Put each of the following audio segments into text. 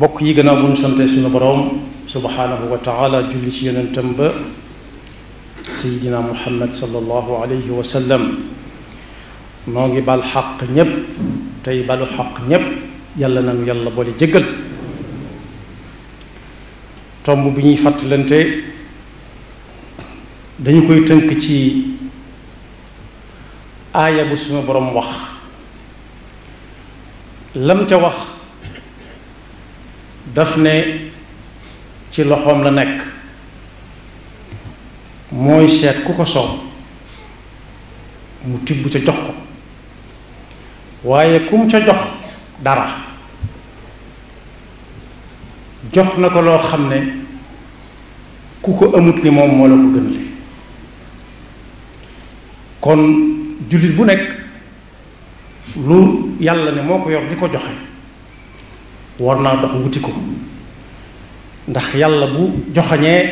bokk yi gannaaw a ñu sante suñu boroom subhaanahu wa taala julli ci yonentam ba sayidina muhammad sallallahu alayhi wa sallam noo ngi bal xaq ñépp tey balu xaq ñépp yàlla na nanu yàlla boole jéggal tomb bi ñuy fàttalante dañu koy tënk ci aaya bu suñu boroom wax lam ca wax daf ne ci loxoom la nekk mooy seet ku ko soow mu tibb ca jox ko waaye ku mu ca jox dara jox na ko loo xam ne ku ko amut ni moom moo la ko gën le kon jullit bu nekk lu yàlla ne moo ko yor di ko joxe war naa dox wuti ko ndax yàlla bu joxañee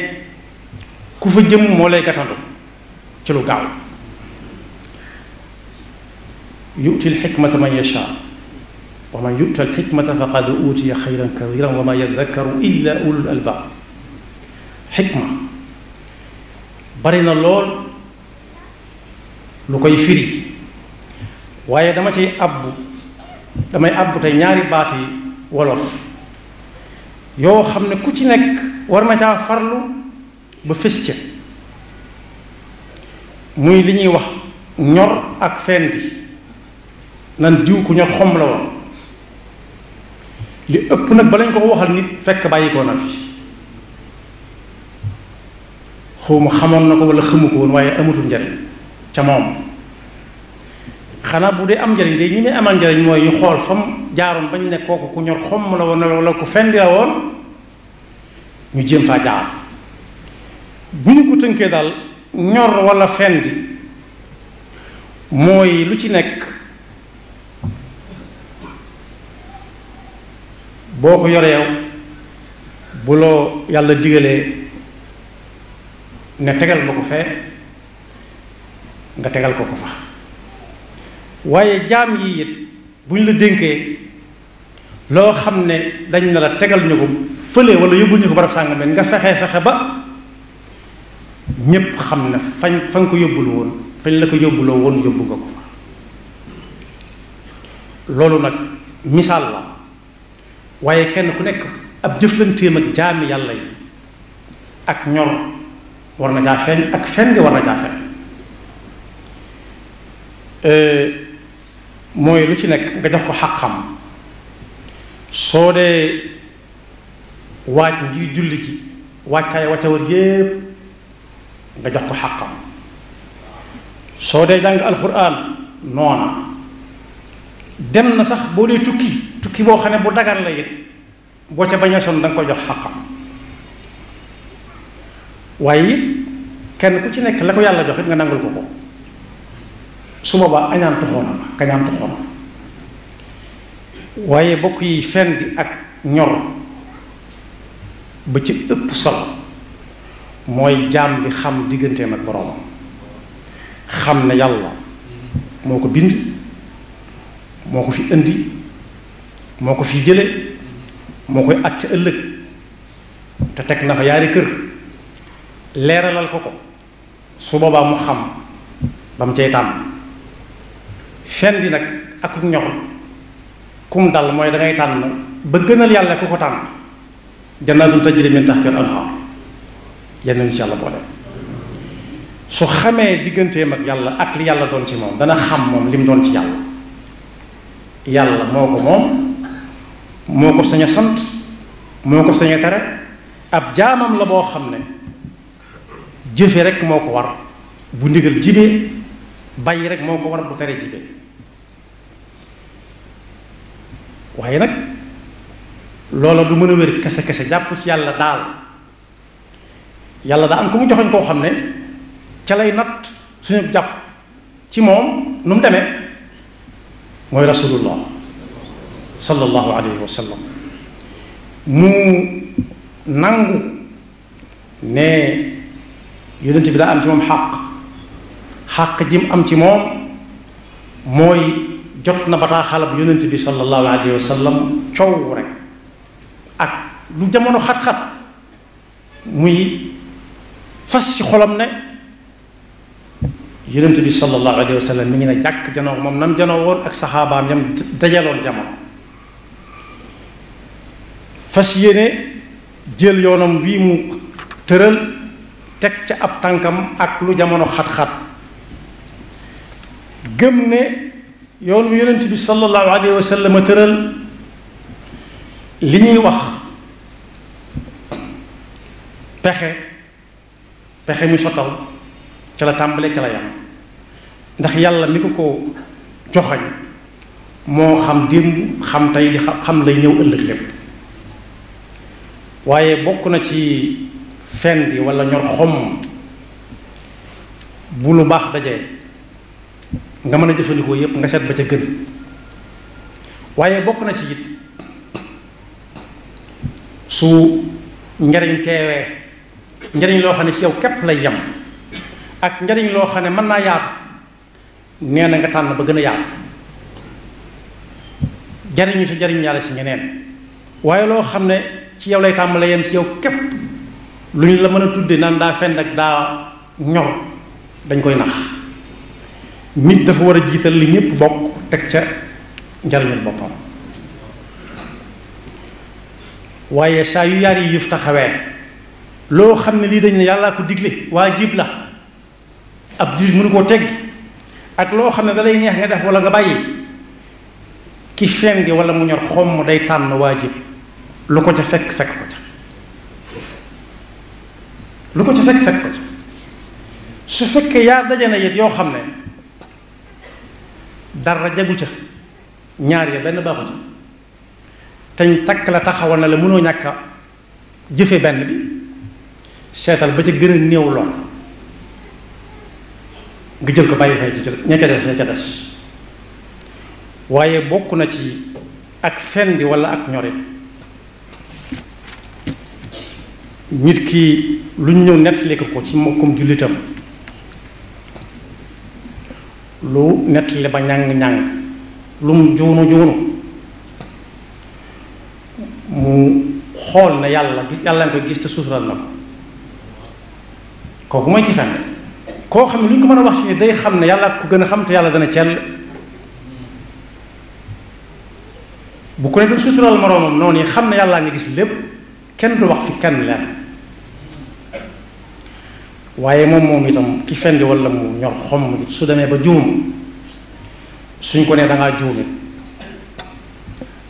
ku fa jëm moo lay gatandu ci lu gaaw yu'til xikmata man yashaa wa man yu'tal xikmata faqad utiya xayran kathiran wa ma yadakkaru illa ulul albaab xikma bari na lool lu koy firi waaye dama cay àbbu damay àbbu tey ñaari baat wolof yoo xam ne ku ci nekk war na caa farlu ba fës ca muy li ñuy wax ñor ak fendi nan diw ko ñor xom la woon li ëpp nag ba lañ ko waxal nit fekk bàyyi na fi xaw ma xamoon na ko wala xamu ko woon waaye amatul njariñ ca moom xanaa bu dee am njariñ de ñi ne amal njariñ mooy ñu xool fam jaaroon bañ ne kooku ku ñor xomm la woon wala ku fendi la woon ñu jéem faa jaar bu ñu ko tënkee daal ñor wala fendi mooy lu ci nekk boo ko yoreew bu loo yàlla digalee ne tegal ma ko fee nga tegal ko ko fa waaye jaam yi it bu ñu la dénkee loo xam ne dañ na la tegal ñu ko fële wala yóbbul ñu ko barab sàngam ne nga fexe fexe ba ñépp xam ne fañ fa ko yóbbul woon fañ la ko yóbbuloo woon yóbbu nga ko fa loolu nag misaal la waaye kenn ku nekk ab jëflanteem ak jaami yàlla yi ak ñor war na caa feeñ ak feeñ nga war na caa feeñ euh, mooy lu ci nekk nga jox ko xàqam soo dee waaj ngir julli ci waajtaay wacca war yépp nga jox ko xàqam soo dee jàng alxuraan noona dem na sax boo dee tukki tukki boo xam ne bu dagan la it boo ca bañ a sonn da koy jox xàqam waaye it kenn ku ci nekk la ko yàlla jox it nga nangul ko ko su boobaa añaan toxoon na kañaan toxoon na waaye bokk yi fen di ak ñor ba ci ëpp solo mooy jaam bi xam digganteem ak boroomam xam ne yàlla moo ko bind moo ko fi indi moo ko fi jële moo koy àtte ëllëg te teg na fa yaari kër leeralal ko ko su boobaa mu xam ba mu cay tàmm fen di nag ak ñor kum dal mooy da ngay tànn ba gënal yàlla ku ko tànn jannaatun tajri min tahtiha al-anhaar yenn xamee digganteem ak yàlla ak li yàlla doon ci moom dana xam moom li doon ci yàlla yàlla moo ko moom moo ko sañ sant moo ko sañ tere ab jaamam la boo xam ne jëfe rek moo ko war bu ndigal jibee bàyyi rek moo ko war bu tere jibee waaye nag loola du mën a wér kese kese jàpp ci yàlla daal yàlla daa am ku mu joxoñ koo xam ne ca lay natt suñu jàpp ci moom nu mu demee mooy rasulullah sallallahu alayhi wa sallam mu nangu ne yonent bi daa am ci moom xàq xàq ji mu am ci moom mooy jot na bataaxalab yonent bi sallallahu alayhi wa sallam coow rek ak lu jamono xat-xat muy fas ci xolam ne yonent bi sallallahu alayhi wa sallam mi ngi ne jàkk janoo moom nam janoo ak saxaabaam yam dajaloon jamono fas yéene jël yoonam wii mu tëral teg ca ab tànkam ak lu jamono xat-xat gëm ne yoon wu yonent bi sallallahu alayhi wa li ñuy wax pexe pexe muy sottal ca la tàmbalee ca la yam ndax yàlla mi ko ko joxañ moo xam démb xam tey di xam lay ñëw ëllëg lépp waaye bokk na ci fen bi wala ñor xomm bu lu baax dajee nga mën a jëfandikoo yépp nga seet ba ca gën waaye bokk na ci it su njariñ teewee njariñ loo xam ne ci yow képp lay yem ak njariñ loo xam ne mën naa yaatu nee nga tànn ba gën a yaatu jariñu sa jariñ yàlla si ñeneen waaye loo xam ne ci yow lay tàmbalee yem ci yow képp lu ñu la mën a tudde naan daa fend ak daa ñor dañ koy nax nit dafa war a jiital li ñëpp bokk teg ca njariñul boppam waaye saa yu yaar yi yëf taxawee loo xam ne lii dañ ne yàllaa ko digle waajib la ab jullit mënu koo tegg ak loo xam ne dalay neex nga def wala nga bàyyi ki feen gi wala mu ñor xomm day tànn waajib lu ko ca fekk fekk ko ca lu ko ca fekk fekk ko ca su fekkee yaa daje na yit yoo xam ne dara jagu ca ñaar ya benn baaxu ca teñ takk la taxawal na la mënoo ñàkk a jëfe benn bi seetal ba ca gën a néew lool nga jël ko bàyyi fay ci ña ca des ña des waaye bokk na ci ak fendi walla ak ñorit nit kii lu ñu ñëw nettali ko ko ci mbokkum jullitam lu nettali ba ñàng-ñàng mu juunu juunu mu xool na yàlla yàlla nga koy gis te suusural na ko kooku mooy ci fenn koo xam ne lu ñu ko mën a wax ci day xam ne yàlla ko gën a xam te yàlla dana cell bu ko ne du suutural moroomam noonu yi xam ne yàllaa nga gis lépp kenn du wax fi kenn leen waaye moom moom itam ki fendi wala mu ñor xomm su demee ba juum suñ ko nee dangaa juumit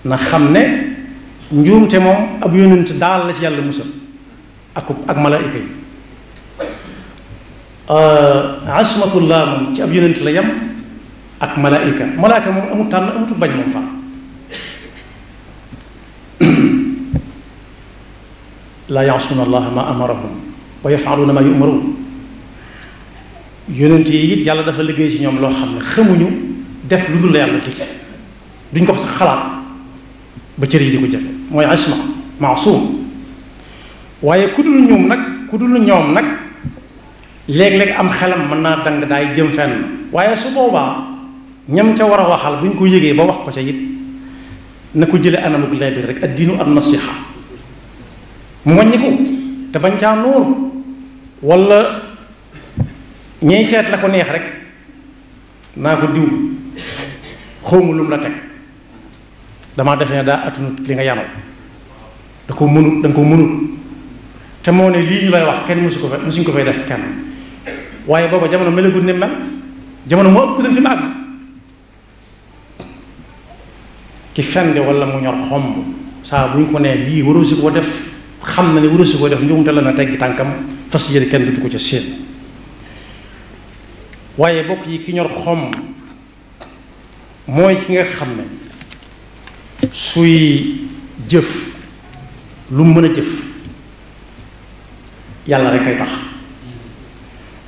na xam ne njuumte moom ab yónent daal la ci yàlla musal ak ak yi euh, asmatullah moom ci ab yónent la yem ak malaayika malaayika moom amut tànn amutu bañ moom faa laa yaasuna allaha ma amarahum wa yafaaluuna maa yumaruun yonent yi it yàlla dafa liggéey ci ñoom loo xam ne xamuñu def lu dul la yàlla dig duñ ko sax xalaat ba cër yi di ko jafe mooy asma maasum waaye ku dul ñoom nag ku dul ñoom nag léeg-léeg am xelam mën naa dang daay jëm fenn waaye su boobaa ñam ca war a waxal bu ñu ko yëgee ba wax ko ca it na ko jële anamuk lay rek ad diinu an nasiha mu wàññi te bañ caa nuur wala ñey seet la ko neex rek naa ko diw xawma lum la teg damaa defe ne daa atunut li nga yanal da ko mënut da ko mënut te moo ne lii ñu lay wax kenn musu ko fa musuñ ko fee def kenn waaye booba jamono melagul ne mel jamono moo ëpp kutam fi ki fende wala mu ñor xomb saa bu ñu ko nee lii warul si ko def xam na ne wurasi ko def njuumte la na teggi tànkam fas yéene kenn dutu ko ca seen waaye bokk yi ki ñor xom mooy ki nga xam ne suy jëf lu mën a jëf yàlla rek kay tax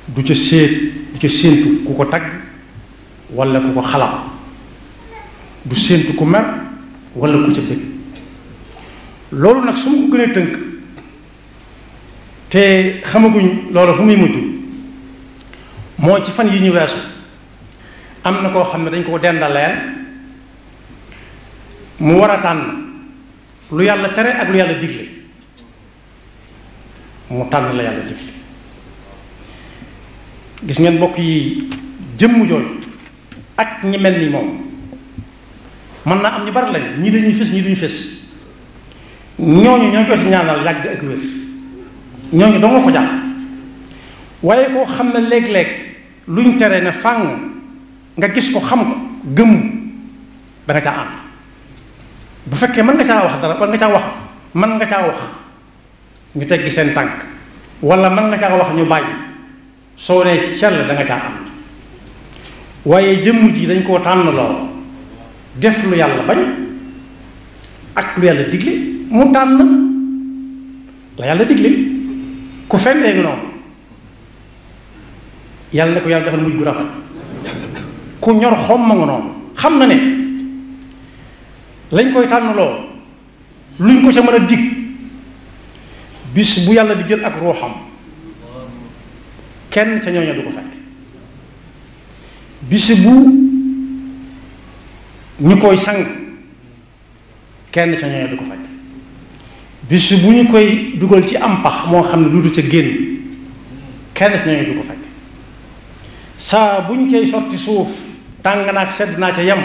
du ca séet du ca séentu ku ko tagg walla ku ko xalam du séentu ku mer walla ku ca bëgg loolu nag su ma ko gënee tënk te xamaguñ loolu fu muy mujj moo ci fan yi ñu weesu am na koo xam ne dañ koo dendaleel mu war a tànn lu yàlla tere ak lu yàlla digle mu tànn la yàlla digle gis ngeen mbokk yi jëmm jooju ak ñi mel ni moom man naa am ñu bari ñi ñii dañuy fés ñii duñu fés ñooñu ñoo ko ci ñaanal yàgg ak wér ñooñu danga ko jàpp waaye koo xam na léeg-léeg luñ tere na fànn nga gis ko xam ko gëm ba nga ànd bu fekkee mën nga caa wax dara war nga caa wax mën nga caa wax ñu teggi seen tànk walla mën nga caa wax ñu bàyyi soo nee cell da nga ànd waaye jëmm ji dañ koo tànn lool def lu yàlla bañ ak lu yàlla digle mu tànn la yàlla digle ku fen dee noonu yàlla na ko yàlla defal mujj gu rafet ku ñor xom nga noonu xam na ne lañ koy tànn loo luñ ko ca mën a dikk bis bu yàlla di jël ak ruuxam kenn ca ñooña du ko fekk bis bu ñu koy sang kenn ca ñooña du ko fekk bis bu ñu koy dugal ci am pax moo xam ne duutu ca génn kenn ci ñooñu du ko fekk saa bu ñu cay sotti suuf tàng naag sedd naa ca yem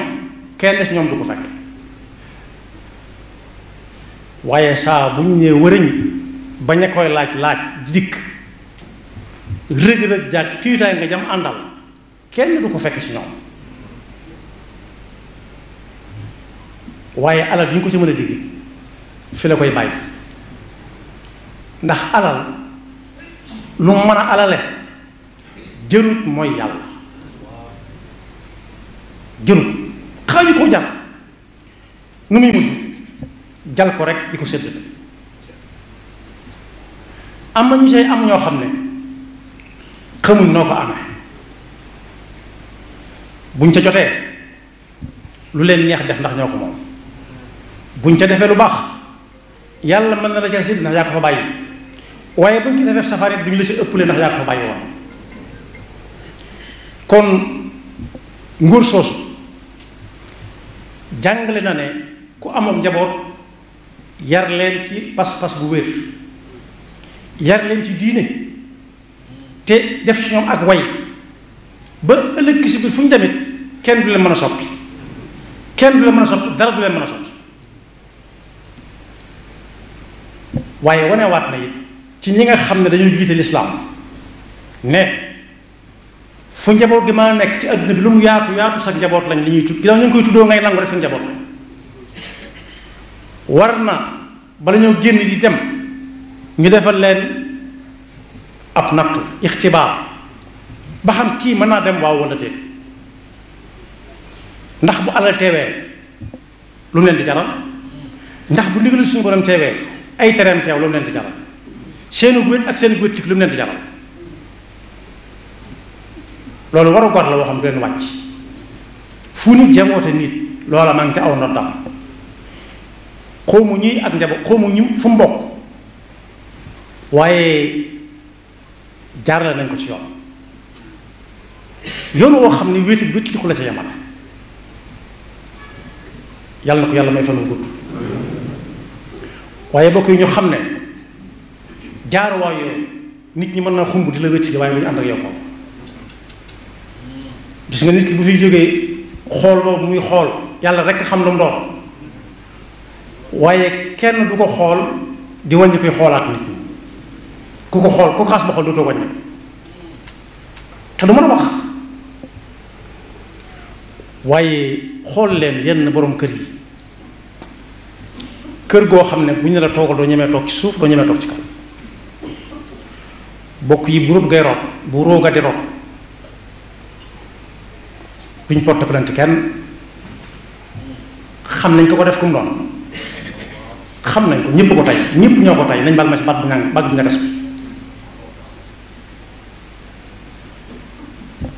kenn ci ñoom du ko fekk waaye saa bu ñu nee wërëñ ba a koy laaj laaj dikk rëg-rëg jaag tiitaay nga jam àndal kenn du ko fekk si ñoom waaye alal du ñu ko ci mën a digg fi la koy bàyyi ndax alal lu mën a alale jërut mooy yàlla jërut xaaju ko jar nu muy mujj jal ko rek di ko sédd am na ñu say am ñoo xam ne xamuñ noo ko amee buñ ca jotee lu leen neex def ndax ñoo ko moom buñ ca defee lu baax yàlla mën na la ca sédd ndax yaa ko fa bàyyi waaye buñ ci defee safarit duñ la ci ëppale ndax yaa ko fa bàyyi woon kon nguur soosu jàngale na ne ku amoon njaboot yar leen ci pas-pas bu wér yar leen ci diine te def ci ñoom ak way ba ëllëg si bi fu ñu demit kenn du leen mën a soppi kenn du leen mën a soppi dara du leen mën a soppi waaye wanewaat na it ci ñi nga xam ne dañoo jiite lislaam ne fu njaboot gi mën nekk ci adduna bi lu mu yaatu yaatu sax njaboot lañ li ñuy tudd ginnaaw ñu ngi koy tuddoo ngay nangu rek sa njaboot lañ war na bala ñoo génn di dem ñu defal leen ab nattu ixtibaar ba xam kii mën naa dem waaw wala de ndax bu alal teewee lu mu leen di jaral ndax bu ndigal suñu borom teewee ay tereem teew lu mu leen di jaral seenu wét ak seen wéttif lu mu leen di loolu waru la woo xam du leen wàcc fu nit jaboote nit loola maa ngi te aw noddam xawma ñuy ak njaboot xawma ñu fu mbokk waaye jaarale nañ ko ci yoon yoon woo xam ne wéeti wétti ko la ca yamala yàlla na ko yàlla may fan wu gudd waaye bokk yi ñu xam ne jaaruwaay yooyu nit ñi mën na xumb di la wétti waaye bu ñu ànd ak yow foofu gis nga nit bu fi jógee xool boobu muy xool yàlla rekk xam lu mu doon waaye kenn du ko xool di wàññi koy xoolaat nit ñi ku ko xool ku ko xas ba xool dootoo wàññi te du mën a wax waaye xool leen yenn boroom kër yi kër goo xam ne bu ñu la toogal doo ñemee toog ci suuf doo ñemee toog ci kaw bokk yi bu rut ngay root bu róoga di root buñ porte plainte kenn xam nañ ko ko def ku mu xam nañ ko ñëpp ko tey ñëpp ñoo ko tey nañ bal ma ci baat bu ngang baat bu nga des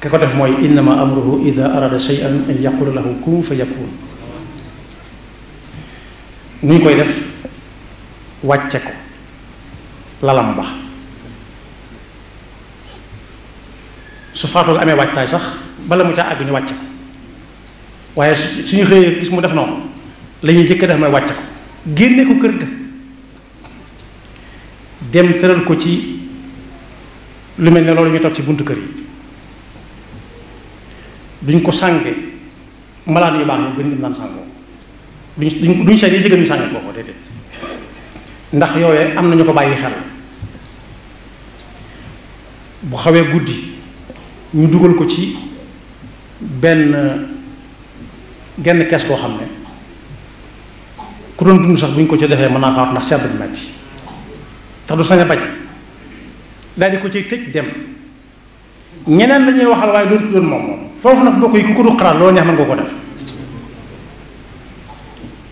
bi ko def mooy innama amruhu ida arada shay'an an yaqula lahu kun fa yakun nu ñu koy def wàcce ko lalam ba su faatoo amee waajtaay sax bala mu caa àgg ñu wàcc ko waaye suñu xëyee gis mu def noonu la ñuy jëkk def mooy wàcc ko génne ko kër ga dem feral ko ci lu mel ne loolu ñu toog ci buntu kër yi duñ ko sànge malaan yu baax yi gën ñu naan sàngoo duñ duñ duñ seen yi si gën ñu sànge kooku déedéet ndax yooyee am na ñu ko bàyyi xel bu xawee guddi ñu dugal ko ci benn genn kees koo xam ne ku doon dund sax bu ñu ko ci defee mën naa faatu ndax sedd bu metti tax du sañ a bañ daal di ko ci tëj dem ñeneen la ñuy waxal waaye doon tuddoon moom moom foofu nag bokk yi ku ko du xalaat loolu neex na nga ko def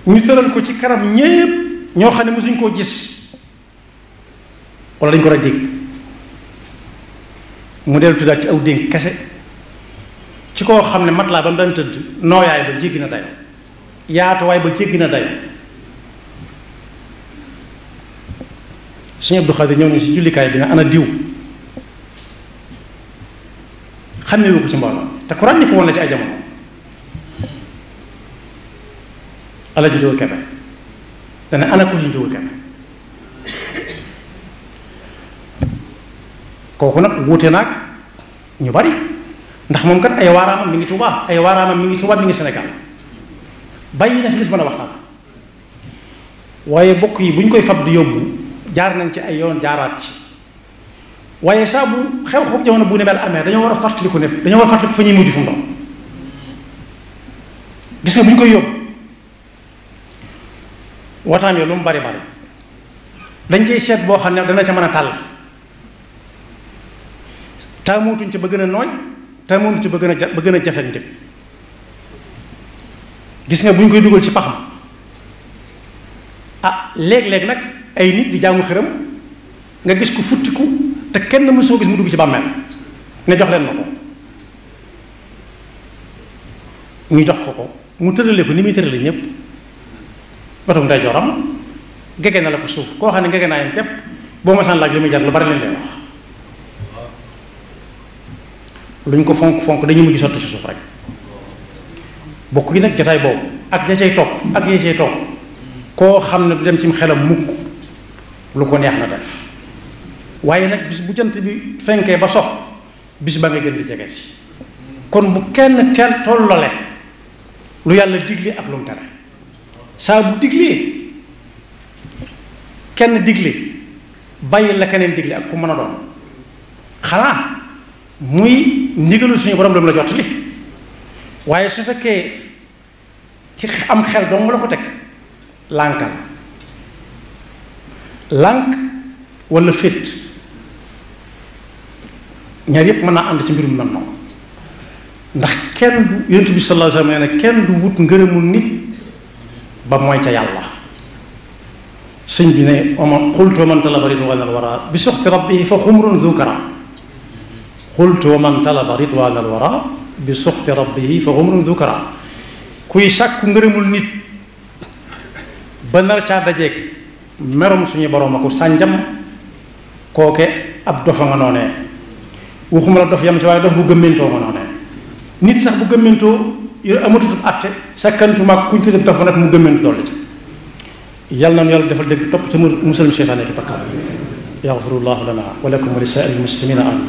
ñu tëral ko ci kanam ñépp ñoo xam ne suñ koo gis wala dañ ko war a dégg mu dellu tuddaat ci aw dénk kese ci koo xam ne matelas ba mu daan tëdd nooyaay ba jéggi na dayoo yaatuwaay ba jéggi na dayoo Sëriñ Abdou Khadir si jullikaay bi nga ana diw xam ne ko ci mbooloo te ku ràññi woon la ci ay jamono alañ jóor kebe dana ana ko ci jóor kebe kooku nag wuute naag ñu bari ndax moom kat ay waaraamam mi ngi Tuuba ay waaraamam mi ngi Tuuba mi ngi Sénégal bàyyi na fi lis mën a waxtaan waaye bokk yi bu ñu koy fab di yóbbu jaar nañ ci ay yoon jaaraat ci waaye saa xew xew jamono bu ne mel amee dañoo war a fàttaliku ne dañoo war a fàttaliku fa ñuy mujj fu mu doon gis nga bu ñu koy yóbbu waxtaan yooyu lu mu bari bari dañ cay seet boo xam ne dana ca mën a tàll taamutuñ ci ba gën a nooy taamutuñ ci ba gën a ba gën a jafeñ jëm gis nga bu ñu koy dugal ci paxam ah léeg-léeg nag ay nit di jaamu xëram nga gis ko futtiku te kenn mësoo gis mu dugg ci bàmmeel ne jox leen ma ko ñu jox ko ko mu tërale ko ni muy tërale ñëpp batum day joram gege na la ko suuf koo xam ne gege naa yam képp boo ma saan laaj li muy jar lu bari leen lay wax luñ ko fonk fonk dañu mujj sotti ci suuf rek bokk gi nag jataay boobu ak ya cay topp ak ya cay topp koo xam ne du dem cim xelam mukk lu ko neex na def waaye nag bis bu jant bi fenkee ba sox bis ba nga gën jege si kon bu kenn teel tollale lu yàlla digle ak lu mu tere saa bu diglee kenn digle bàyyi la keneen digle ak ku mën a doon xanaa muy ndigalu suñu borom la mu la jot li waaye su fekkee ci am xel dong la ko teg lànkal lànk wala féet ñaar yépp mën naa ànd ci mbirum man noonu ndax kenn du yonent bi sallallahu alayhi wa sallam nee na kenn du wut ngërëmul nit ba mooy ca yàlla sëñ bi ne oma xultu man talaba ridwaanal wara bi soxti rabbi fa xumrun zukara xultu wa man talaba ridwan al wara bi suxti rabbihi fa umrun dukara kuy sàkku ngërëmul nit ba nar caa dajeeg merum suñu borom aku sànjam kooke ab dofa nga noonee waxuma la dof yam ci waaye dof bu gëmmentoo nga noonee nit sax bu gëmmentoo yooyu amatutub atte sàkkantumaag kuñ tuddee dof ba nag mu gëmmentu dolli ci yàlla na nu yàlla defal dégg topp te musal mi seytaane ki bakkaar yaxfirullahu lana wa li saa'iril muslimiina amin